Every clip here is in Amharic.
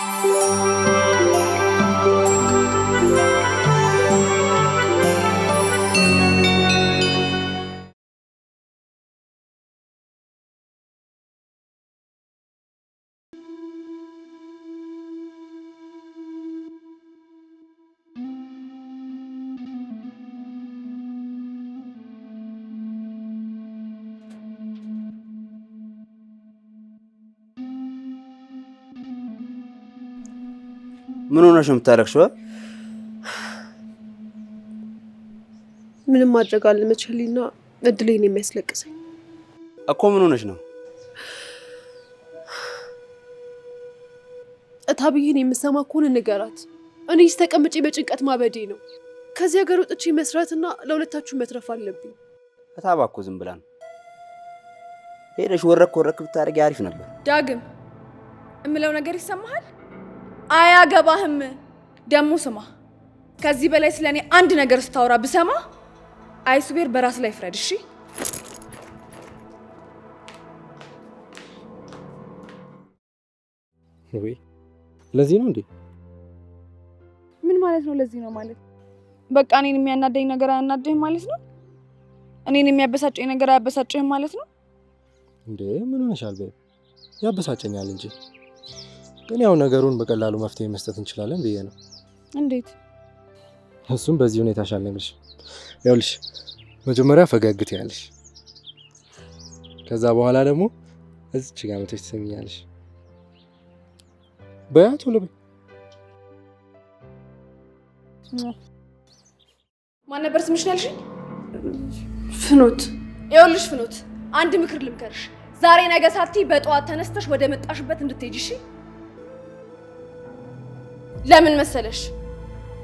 Música ምን ሆነሽ ነው የምታለቅሽው? ምንም ማድረግ አለመቻሌና እድሌን የሚያስለቅሰኝ እኮ። ምን ሆነሽ ነው? እታብዬን የምሰማ ከሆነ ንገራት። እኔስ ተቀምጬ በጭንቀት ማበዴ ነው። ከዚህ ሀገር ወጥቼ መስራትና ለሁለታችሁ መትረፍ አለብኝ። እታባ እኮ ዝም ብላ ሄደሽ ወረክ ወረክ ብታደርጊ አሪፍ ነበር። ዳግም እምለው ነገር ይሰማሃል? አያገባህም። ደሞ ስማ፣ ከዚህ በላይ ስለ እኔ አንድ ነገር ስታወራ ብሰማ አይሱቤር በራስ ላይ ፍረድ። እሺ ወይ? ለዚህ ነው እንዴ? ምን ማለት ነው? ለዚህ ነው ማለት በቃ እኔን የሚያናደኝ ነገር አያናደኝም ማለት ነው? እኔን የሚያበሳጨኝ ነገር አያበሳጭህም ማለት ነው እንዴ? ምን ሆነሻል? ያበሳጨኛል እንጂ ግን ያው ነገሩን በቀላሉ መፍትሄ መስጠት እንችላለን ብዬ ነው። እንዴት? እሱም በዚህ ሁኔታ ሻል ይኸውልሽ መጀመሪያ ፈገግ ትያለሽ፣ ከዛ በኋላ ደግሞ እዚች ጋር መተሽ ትሰሚኛለሽ። በያ ቶሎ በይ። ማን ነበር ስምሽ ያልሽኝ? ፍኖት። ይኸውልሽ ፍኖት፣ አንድ ምክር ልምከርሽ። ዛሬ ነገ ሳትይ በጠዋት ተነስተሽ ወደ መጣሽበት እንድትሄጂ እሺ? ለምን መሰለሽ?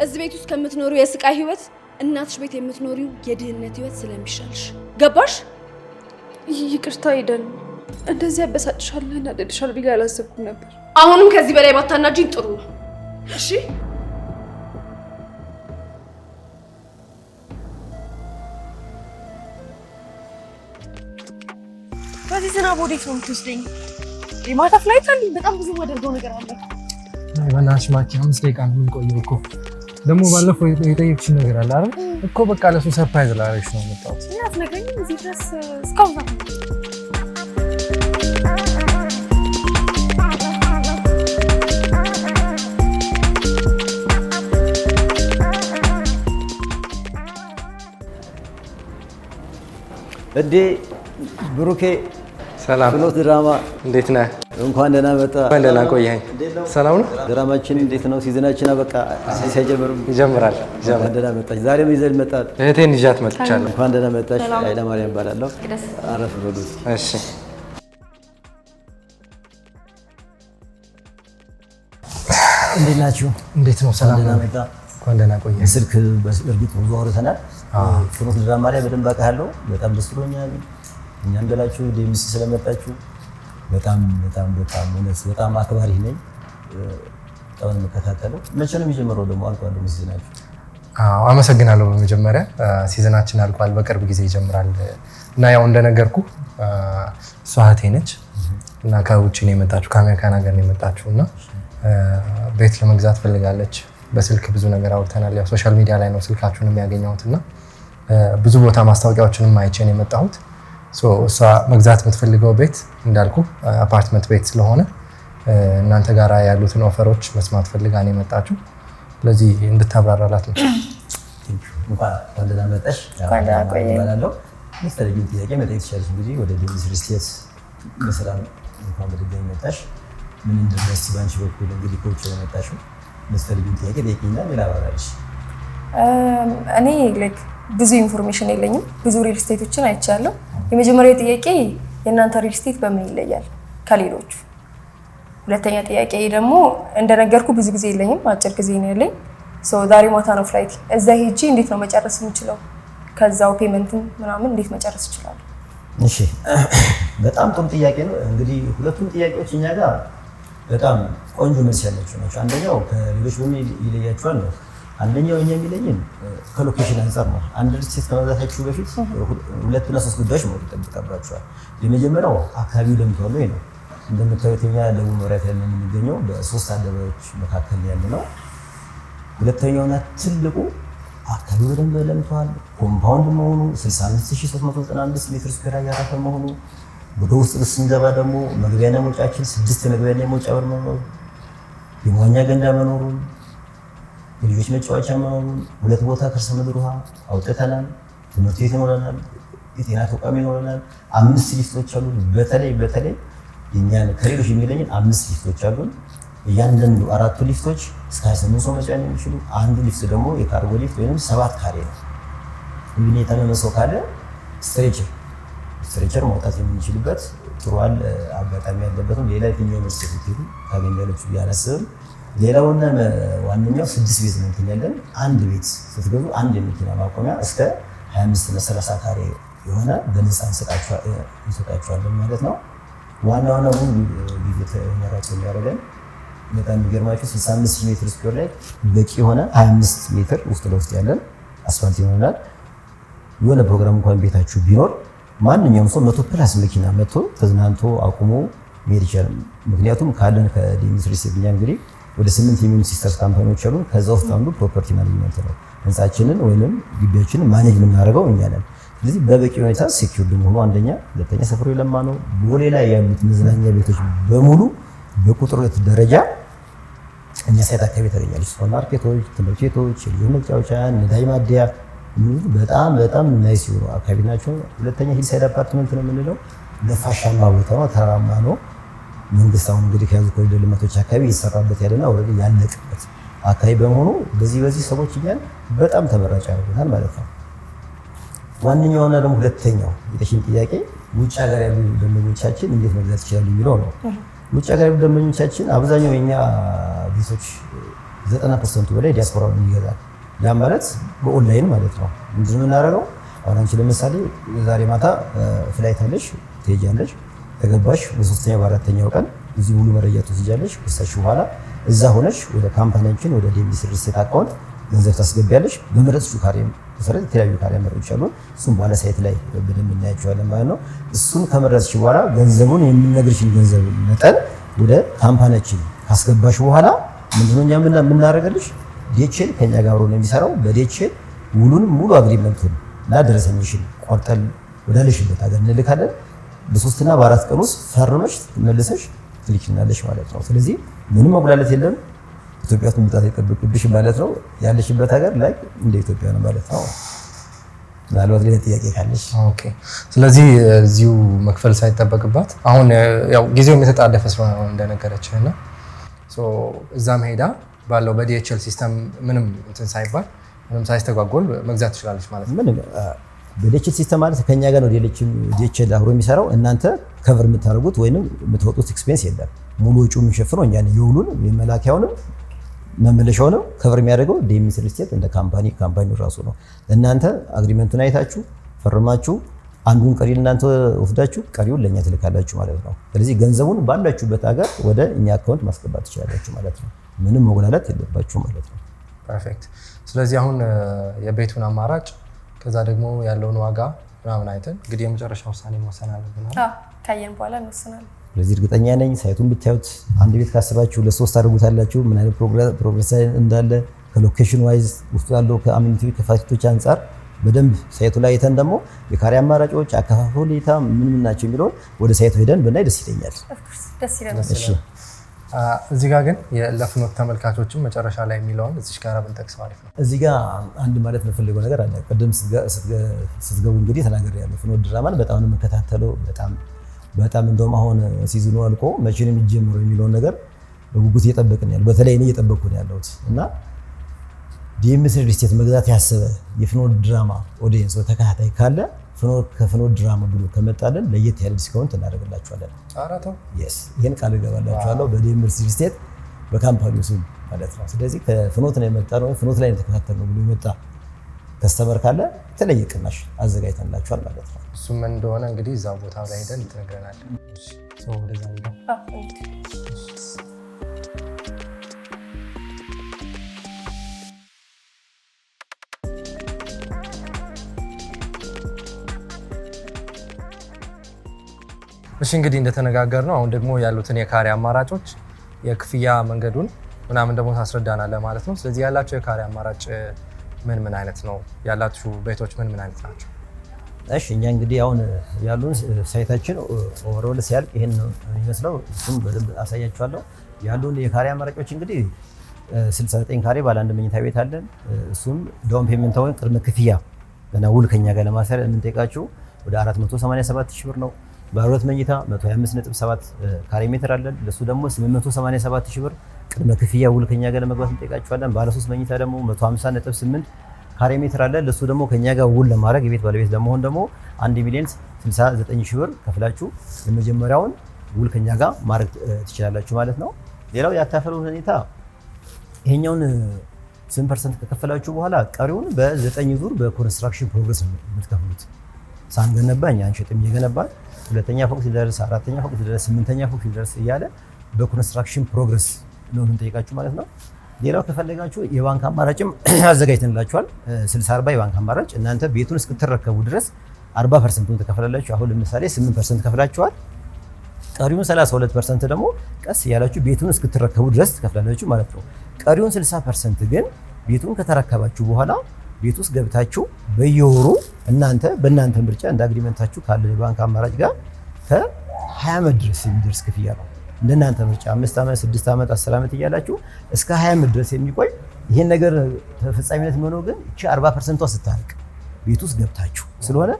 እዚህ ቤት ውስጥ ከምትኖሪው የስቃይ ህይወት እናትሽ ቤት የምትኖሪው የድህነት ህይወት ስለሚሻልሽ ገባሽ? ይቅርታ ሄደን እንደዚህ ያበሳጭሻል እናደድሻል ብዬ አላሰብኩም ነበር። አሁንም ከዚህ በላይ ባታናጅኝ ጥሩ ነው። እሺ በዚህ ዝናብ ወዴት ነው የምትወስደኝ? የማታ ፍላይት አለኝ። በጣም ብዙ የማደርገው ነገር አለ። በእናትሽ ማኪ አምስት ደቂቃ ነው የምንቆየው እኮ። ደግሞ ባለፈው የጠየቅሽኝ ነገር አለ አይደል? እኮ በቃ ለሱ ሰርፕራይዝ ላደርግሽ ነው የመጣሁት። እዴ ብሩኬ፣ ሰላም። ፍኖት ድራማ እንዴት ነህ? እንኳን ደህና መጣ። እንኳን ደህና ቆየኸኝ። ሰላም ነው። ድራማችን እንዴት ነው? ሲዝናችን አበቃ። አዲስ አይጀምር ይጀምራል። እንኳን ደህና መጣች። ዛሬም ይዘን መጣ። እህቴን ይዣት መጥቻለሁ። እንኳን ደህና መጣች። ኃይለማርያም እባላለሁ። አረፍ በሉ። እሺ እንዴት ናችሁ? እንዴት ነው? ሰላም መጣ። እንኳን ደህና ቆየህ። ስልክ በእርግጥ ብዙ አውርተናል። ፍኖት ድራማ ላይ በደንብ አውቃለሁ። በጣም ደስ ብሎኛል። እኛም ብላችሁ ዴምስ ስለመጣችሁ በጣም በጣም በጣም እውነት በጣም አክባሪ ነኝ። በጣም የምከታተለው። መቼ ነው የሚጀምረው ደግሞ? አልቋል ሲዝናችሁ? አመሰግናለሁ። በመጀመሪያ ሲዝናችን አልቋል፣ በቅርብ ጊዜ ይጀምራል እና ያው እንደነገርኩ እሷ ነች እና ከውጭ ነው የመጣችሁ ከአሜሪካን ሀገር ነው የመጣችሁ እና ቤት ለመግዛት ፈልጋለች። በስልክ ብዙ ነገር አውርተናል። ያው ሶሻል ሚዲያ ላይ ነው ስልካችሁን የሚያገኘሁት እና ብዙ ቦታ ማስታወቂያዎችንም አይቼ ነው የመጣሁት እሷ መግዛት የምትፈልገው ቤት እንዳልኩ አፓርትመንት ቤት ስለሆነ እናንተ ጋር ያሉትን ኦፈሮች መስማት ፈልጋ ነው የመጣችው። ስለዚህ እንድታብራራላት ነው። እንኳን ጥያቄ መጠየቅ ትችላለች። እንግዲህ ወደ ሪል ስቴት እንኳን በድጋሚ መጣሽ። ምን በአንቺ በኩል እንግዲህ ከውጭ ጥያቄ እኔ ብዙ ኢንፎርሜሽን የለኝም። ብዙ ሪል ስቴቶችን አይቻለሁ የመጀመሪያ ጥያቄ የእናንተ ሪል ስቴት በምን ይለያል ከሌሎቹ? ሁለተኛ ጥያቄ ደግሞ እንደነገርኩ ብዙ ጊዜ የለኝም፣ አጭር ጊዜ ነው ያለኝ። ዛሬ ማታ ነው ፍላይት። እዛ ሄጄ እንዴት ነው መጨረስ የምችለው? ከዛው ፔመንትን ምናምን እንዴት መጨረስ ይችላሉ? እሺ፣ በጣም ጥሩ ጥያቄ ነው። እንግዲህ ሁለቱም ጥያቄዎች እኛ ጋር በጣም ቆንጆ መልስ ያላቸው ናቸው። አንደኛው ከሌሎች በምን ይለያቸዋል ነው አንደኛው እኛ የሚለኝን ከሎኬሽን አንጻር ነው። አንድ ሴት ከመግዛታችሁ በፊት ሁለት ሁለትና ሶስት ጉዳዮች መሆን ይጠብቃባቸዋል። የመጀመሪያው አካባቢው ለምትሆነ ነው። እንደምታዩት እኛ ደቡብ መብራት ያለ የምንገኘው በሶስት አደባባዮች መካከል ያለ ነው። ሁለተኛውና ትልቁ አካባቢ በደንብ ለምተዋል። ኮምፓውንድ መሆኑ 65391 ሜትር ስኩዌር ያረፈ መሆኑ ወደ ውስጥ ስንገባ ደግሞ መግቢያና መውጫችን ስድስት መግቢያና የመውጫ በር መኖሩ የመዋኛ ገንዳ መኖሩን ልጆች መጫወቻ ምናምን ሁለት ቦታ ከርሰ ምድር ውሃ አውጥተናል። ትምህርት ቤት ይኖረናል፣ የጤና ተቋም ይኖረናል። አምስት ሊፍቶች አሉ። በተለይ በተለይ የእኛን ከሌሎች የሚለኝን አምስት ሊፍቶች አሉ። እያንዳንዱ አራቱ ሊፍቶች እስከ 28 ሰው መጫን የሚችሉ አንዱ ሊፍት ደግሞ የካርጎ ሊፍት ወይም ሰባት ካሬ ነው። እንግዲህ የታመመ ሰው ካለ ስትሬቸር ስትሬቸር መውጣት የምንችልበት ጥሩ አጋጣሚ ያለበትም ሌላ የትኛው መስ ታገኛለች ብዬ አላስብም። ሌላውና ዋነኛው ስድስት ቤት ነው ያለን። አንድ ቤት ስትገዙ አንድ የመኪና ማቆሚያ እስከ 25 ለሰላሳ 30 ካሬ የሆነ በነፃ እንሰጣችኋለን ማለት ነው። ዋና ዋና ግን ጊዜ ተመራጭ የሚያደርገን በጣም የሚገርማቸው 65 ሜትር ስኩዌር ላይ በቂ የሆነ 25 ሜትር ውስጥ ለውስጥ ያለን አስፋልት ይሆናል። የሆነ ፕሮግራም እንኳን ቤታችሁ ቢኖር ማንኛውም ሰው መቶ ፕላስ መኪና መቶ ተዝናንቶ አቁሞ መሄድ ይቻላል። ምክንያቱም ካለን ከዲሚትሪስ ብኛ እንግዲህ ወደ ስምንት የሚሆኑ ሲስተር ካምፓኒዎች አሉ። ከዛ ውስጥ አንዱ ፕሮፐርቲ ማኔጅመንት ነው። ህንፃችንን ወይም ግቢያችንን ማኔጅ የምናደርገው እኛ ነን። ስለዚህ በበቂ ሁኔታ ሴኪርድ መሆኑ አንደኛ፣ ሁለተኛ ሰፈሩ የለማ ነው። ቦሌ ላይ ያሉት መዝናኛ ቤቶች በሙሉ በቁጥር ሁለት ደረጃ እኛ ሳይት አካባቢ ተገኛሉ። ሱፐር ማርኬቶች፣ ትምህርት ቤቶች፣ ልዩ መጫወቻ፣ ነዳጅ ማደያ በጣም በጣም ናይስ የሆኑ አካባቢ ናቸው። ሁለተኛ ሳይድ አፓርትመንት ነው የምንለው ነፋሻማ ቦታ ነው፣ ተራራማ ነው። መንግስት አሁን እንግዲህ ከያዙ ኮሪደር ልማቶች አካባቢ እየሰራበት ያለና ወረ ያለቅበት አካባቢ በመሆኑ በዚህ በዚህ ሰዎች እኛን በጣም ተመራጭ ያደርጉታል ማለት ነው። ዋነኛውና ደግሞ ሁለተኛው የሽን ጥያቄ ውጭ ሀገር ያሉ ደንበኞቻችን እንዴት መግዛት ይችላሉ የሚለው ነው። ውጭ ሀገር ያሉ ደንበኞቻችን አብዛኛው የኛ ቤቶች ዘጠና ፐርሰንቱ በላይ ዲያስፖራ ይገዛል። ያም ማለት በኦንላይን ማለት ነው። ምንድን ነው የምናደርገው? አሁን አንቺ ለምሳሌ ዛሬ ማታ ፍላይት አለሽ ትሄጃለሽ ከገባሽ በሶስተኛ በአራተኛው ቀን እዚህ ሙሉ መረጃ ትወስጃለሽ። ከሳሽ በኋላ እዛ ሆነሽ ወደ ካምፓኒያችን ወደ ዴምቢስ ሪልስቴት አካውንት ገንዘብ ታስገቢያለሽ። በመረጥሽው ካሬ መሰረት የተለያዩ ካሬ መረጦች አሉ። እሱም በኋላ ሳይት ላይ በደንብ እናያቸዋለን ማለት ነው። እሱን ከመረጽሽ በኋላ ገንዘቡን የምንነግርሽን ገንዘብ መጠን ወደ ካምፓኒያችን ካስገባሽ በኋላ ምንድነው እኛ የምናደርገልሽ ዴቼል ከኛ ጋር አብሮ ነው የሚሰራው። በዴቼል ውሉን ሙሉ አግሪመንቱን እና ደረሰኝሽን ቆርጠን ወዳለሽበት ሀገር እንልካለን። በሶስትና በአራት ቀን ውስጥ ፈርመሽ መልሰሽ ትልኪናለሽ ማለት ነው። ስለዚህ ምንም መጉላለት የለም። ኢትዮጵያ ውስጥ መምጣት የጠበቅብሽ ማለት ነው። ያለሽበት ሀገር ላይ እንደ ኢትዮጵያ ነው ማለት ነው። ምናልባት ሌላ ጥያቄ ካለሽ። ኦኬ። ስለዚህ እዚሁ መክፈል ሳይጠበቅባት አሁን ያው ጊዜውም የተጣደፈ ስለሆነ ነው እንደነገረችህ እና እዛ ሄዳ ባለው በዲኤችኤል ሲስተም ምንም እንትን ሳይባል ምንም ሳይስተጓጎል መግዛት ትችላለች ማለት ነው። በደችት ሲስተም ማለት ከኛ ጋር ነው ዴችል አብሮ የሚሰራው። እናንተ ከቨር የምታደርጉት ወይም የምትወጡት ኤክስፔንስ የለም። ሙሉ ወጪ የምንሸፍነው እኛ የውሉን የመላኪያውንም መመለሻውንም ከቨር የሚያደርገው ዴሚስ እንደ ካምፓኒ ካምፓኒ ራሱ ነው። እናንተ አግሪመንቱን አይታችሁ ፈርማችሁ አንዱን ቀሪ እናንተ ወስዳችሁ ቀሪውን ለእኛ ትልካላችሁ ማለት ነው። ስለዚህ ገንዘቡን ባላችሁበት ሀገር ወደ እኛ አካውንት ማስገባት ትችላላችሁ ማለት ነው። ምንም መጉላላት የለባችሁ ማለት ነው። ፐርፌክት። ስለዚህ አሁን የቤቱን አማራጭ ከዛ ደግሞ ያለውን ዋጋ ምናምን አይተን እንግዲህ የመጨረሻ ውሳኔ መወሰን አለብናል። ካየን በኋላ እንወስናለን። ስለዚህ እርግጠኛ ነኝ ሳይቱን ብታዩት አንድ ቤት ካስባችሁ ለሶስት አድርጉታላችሁ። ምን አይነት ፕሮግረስ እንዳለ ከሎኬሽን ዋይዝ ውስጡ ያለው ከአሚኒቲ ከፋሲቶች አንጻር በደንብ ሳይቱ ላይ አይተን ደግሞ የካሬ አማራጮች፣ አከፋፈል ሁኔታ ምን ምን ናቸው የሚለውን ወደ ሳይቱ ሄደን ብናይ ደስ ይለኛል። ደስ ይለኛል። እዚህ ጋር ግን ለፍኖት ተመልካቾችም መጨረሻ ላይ የሚለውን እዚህ ጋር ብንጠቅሰው አሪፍ ነው። እዚህ ጋር አንድ ማለት የምፈልገው ነገር አለ። ቅድም ስትገቡ እንግዲህ ተናገር ያለ ፍኖት ድራማን በጣም ነው የምከታተለው። በጣም በጣም እንደውም አሁን ሲዝኑ አልቆ መቼ ነው የሚጀምረው የሚለውን ነገር በጉጉት እየጠበቅን ያለ በተለይ እኔ እየጠበቅኩ ነው ያለሁት እና ዲኤምሲ ሪል ስቴት መግዛት ያሰበ የፍኖት ድራማ ኦዲየንስ ተከታታይ ካለ ከፍኖ ድራማ ብሎ ከመጣልን ለየት ያለ ዲስካውንት እናደርግላችኋለን። ይህን ቃል እገባላችኋለሁ በዴምርስ ስቴት በካምፓኒ ስም ማለት ነው። ስለዚህ ከፍኖት ነው የመጣ ነው ፍኖት ላይ የተከታተል ነው ብሎ የመጣ ከስተመር ካለ የተለየ ቅናሽ አዘጋጅተንላችኋል ማለት ነው። እሱም እንደሆነ እንግዲህ እዛ ቦታ ላይ ሄደን ትነግረናለን። እሺ እንግዲህ እንደተነጋገር ነው አሁን ደግሞ ያሉትን የካሬ አማራጮች የክፍያ መንገዱን ምናምን ደግሞ ታስረዳናለህ ማለት ነው። ስለዚህ ያላቸው የካሬ አማራጭ ምን ምን አይነት ነው? ያላችሁ ቤቶች ምን ምን አይነት ናቸው? እሺ እኛ እንግዲህ አሁን ያሉን ሳይታችን ኦቨሮል ሲያልቅ ይህን የሚመስለው እሱም በደንብ አሳያችኋለሁ። ያሉን የካሬ አማራጮች እንግዲህ 69 ካሬ ባለ አንድ መኝታ ቤት አለን። እሱም ዳውን ወይም ቅድመ ክፍያ ገና ውል ከኛ ጋር ለማሰር የምንጠይቃችሁ ወደ 487 ሺህ ብር ነው። ባለሁለት መኝታ 125.7 ካሬ ሜትር አለን። ለሱ ደግሞ 887 ሺህ ብር ቅድመ ክፍያ ውል ከኛ ጋር ለመግባት እንጠይቃችኋለን። ባለ ሶስት መኝታ ደግሞ 150.8 ካሬ ሜትር አለ። ለሱ ደግሞ ከኛ ጋር ውል ለማድረግ የቤት ባለቤት ለመሆን ደግሞ 1 ሚሊዮን 69 ሺህ ብር ከፍላችሁ የመጀመሪያውን ውል ከኛ ጋር ማድረግ ትችላላችሁ ማለት ነው። ሌላው ያካፈለው ሁኔታ ይሄኛውን 8% ከከፈላችሁ በኋላ ቀሪውን በዘጠኝ ዙር በኮንስትራክሽን ፕሮግረስ የምትከፍሉት። ሳንገነባ እኛ አንሸጥም፣ እየገነባን ሁለተኛ ፎቅ ሲደርስ፣ አራተኛ ፎቅ ሲደርስ፣ ስምንተኛ ፎቅ ሲደርስ እያለ በኮንስትራክሽን ፕሮግረስ ነው የምንጠይቃችሁ ማለት ነው። ሌላው ከፈለጋችሁ የባንክ አማራጭም አዘጋጅተንላችኋል። ስልሳ አርባ የባንክ አማራጭ እናንተ ቤቱን እስክትረከቡ ድረስ 40 ፐርሰንቱን ትከፍላላችሁ። አሁን ለምሳሌ 8 ፐርሰንት ከፍላችኋል። ቀሪውን 32 ፐርሰንት ደግሞ ቀስ እያላችሁ ቤቱን እስክትረከቡ ድረስ ትከፍላላችሁ ማለት ነው። ቀሪውን ስልሳ ፐርሰንት ግን ቤቱን ከተረከባችሁ በኋላ ቤት ውስጥ ገብታችሁ በየወሩ እናንተ በእናንተ ምርጫ እንደ አግሪመንታችሁ ካለ የባንክ አማራጭ ጋር ከ ከ20 ዓመት ድረስ የሚደርስ ክፍያ ነው። እንደእናንተ ምርጫ አምስት ዓመት ስድስት ዓመት አስር ዓመት እያላችሁ እስከ 20 ዓመት ድረስ የሚቆይ ይህን ነገር ተፈጻሚነት መኖ ግን እቺ አርባ ፐርሰንቷ ስታልቅ ቤት ውስጥ ገብታችሁ ስለሆነ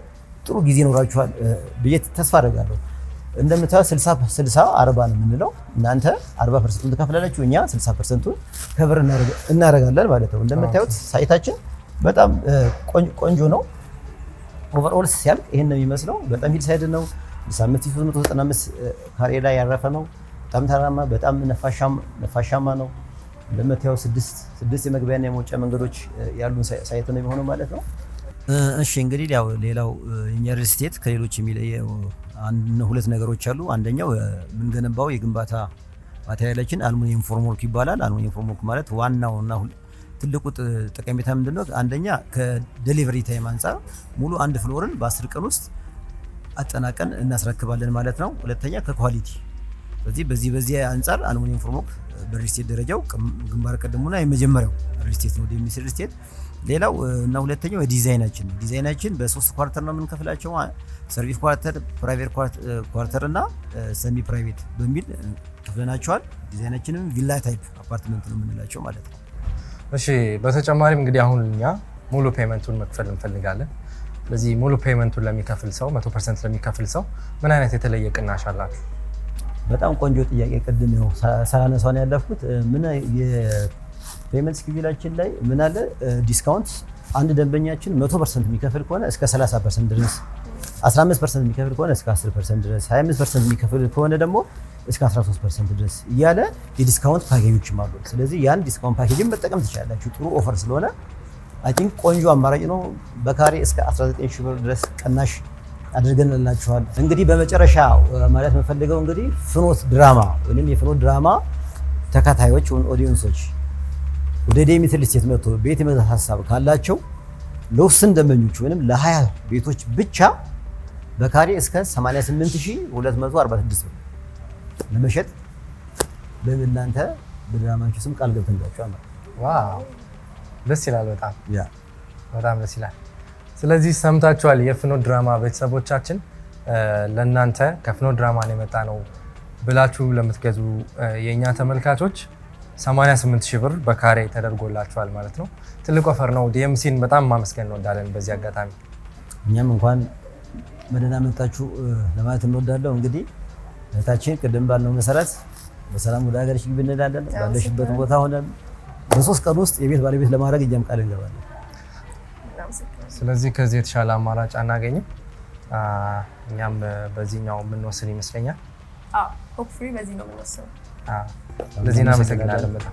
ጥሩ ጊዜ ይኖራችኋል ብዬ ተስፋ አደርጋለሁ። እንደምታዩት 60 አርባ ነው የምንለው። እናንተ አርባ ፐርሰንቱን ትከፍላላችሁ፣ እኛ 60 ፐርሰንቱን ከብር እናደርጋለን ማለት ነው። እንደምታዩት ሳይታችን በጣም ቆንጆ ነው። ኦቨርኦል ሲያልቅ ይሄን ነው የሚመስለው። በጣም ሂል ሳይድ ነው። 5395 ካሬ ላይ ያረፈ ነው። በጣም ተራማ፣ በጣም ነፋሻማ ነው። ለመታየው ስድስት ስድስት የመግቢያና የመውጫ መንገዶች ያሉ ሳይት ነው የሚሆነው ማለት ነው። እሺ እንግዲህ ያው ሌላው የኛ ሪል ስቴት ከሌሎች የሚለየው ሁለት ነገሮች አሉ። አንደኛው የምንገነባው የግንባታ ማቴሪያላችን አልሙኒየም ፎርምወርክ ይባላል። አልሙኒየም ፎርምወርክ ማለት ዋናው እና ትልቁ ጠቀሜታ ምንድነው? አንደኛ ከደሊቨሪ ታይም አንጻር ሙሉ አንድ ፍሎርን በአስር ቀን ውስጥ አጠናቀን እናስረክባለን ማለት ነው። ሁለተኛ ከኳሊቲ ስለዚህ በዚህ በዚህ አንጻር አልሙኒየም ፎርምወርክ በሪልስቴት ደረጃው ግንባር ቀደሙና የመጀመሪያው ሪልስቴት ነው ዴሚስ ሪልስቴት። ሌላው እና ሁለተኛው የዲዛይናችን ዲዛይናችን በሶስት ኳርተር ነው የምንከፍላቸው ሰርቪስ ኳርተር፣ ፕራይቬት ኳርተር እና ሰሚ ፕራይቬት በሚል ከፍለናቸዋል። ዲዛይናችንም ቪላ ታይፕ አፓርትመንት ነው የምንላቸው ማለት ነው። እሺ በተጨማሪም እንግዲህ አሁን እኛ ሙሉ ፔመንቱን መክፈል እንፈልጋለን። ስለዚህ ሙሉ ፔመንቱን ለሚከፍል ሰው መቶ ፐርሰንት ለሚከፍል ሰው ምን አይነት የተለየ ቅናሽ አላችሁ? በጣም ቆንጆ ጥያቄ። ቅድም ነው ሳያነሳን ያለፍኩት ምን የፔመንት ስኪቪላችን ላይ ምን አለ ዲስካውንት አንድ ደንበኛችን መቶ ፐርሰንት የሚከፍል ከሆነ እስከ 30 ፐርሰንት ድረስ 15 ፐርሰንት የሚከፍል ከሆነ እስከ 10 ፐርሰንት ድረስ 25 ፐርሰንት የሚከፍል ከሆነ ደግሞ እስከ 13 ፐርሰንት ድረስ እያለ የዲስካውንት ፓኬጆችም አሉ። ስለዚህ ያን ዲስካውንት ፓኬጅን መጠቀም ትችላላችሁ። ጥሩ ኦፈር ስለሆነ አይ ቲንክ ቆንጆ አማራጭ ነው። በካሬ እስከ 19 ሺህ ብር ድረስ ቀናሽ አድርገንላችኋል። እንግዲህ በመጨረሻ ማለት የምፈልገው እንግዲህ ፍኖት ድራማ ወይም የፍኖት ድራማ ተከታዮች ወይም ኦዲየንሶች ወደ ዴሚ ሪል ስቴት መጥቶ ቤት የመግዛት ሀሳብ ካላቸው ለውስን ደንበኞች ወይም ለ20 ቤቶች ብቻ በካሬ እስከ 88246 ብር ለመሸጥ በእናንተ በድራማችሁ ስም ቃል ገብተንላችኋል ማለት ዋው ደስ ይላል። በጣም በጣም ደስ ይላል። ስለዚህ ሰምታችኋል የፍኖ ድራማ ቤተሰቦቻችን ለእናንተ ከፍኖ ድራማ የመጣ ነው ብላችሁ ለምትገዙ የእኛ ተመልካቾች 88 ሺህ ብር በካሬ ተደርጎላችኋል ማለት ነው። ትልቅ ወፈር ነው። ዲኤምሲን በጣም ማመስገን እንወዳለን በዚህ አጋጣሚ እኛም እንኳን በደህና መጣችሁ ለማለት እንወዳለሁ እንግዲህ እህታችን ቅድም ባልነው መሰረት በሰላም ወደ ሀገርሽ ግቢ እንላለን። ባለሽበት ቦታ ሆነን በሶስት ቀን ውስጥ የቤት ባለቤት ለማድረግ እኛም ቃል እንገባለን። ስለዚህ ከዚህ የተሻለ አማራጭ አናገኝም። እኛም በዚህኛው የምንወስን ይመስለኛል። ሆፕፉሊ በዚህ ነው የምንወስነው። ለዚህ እናመሰግናለን በጣም በጣም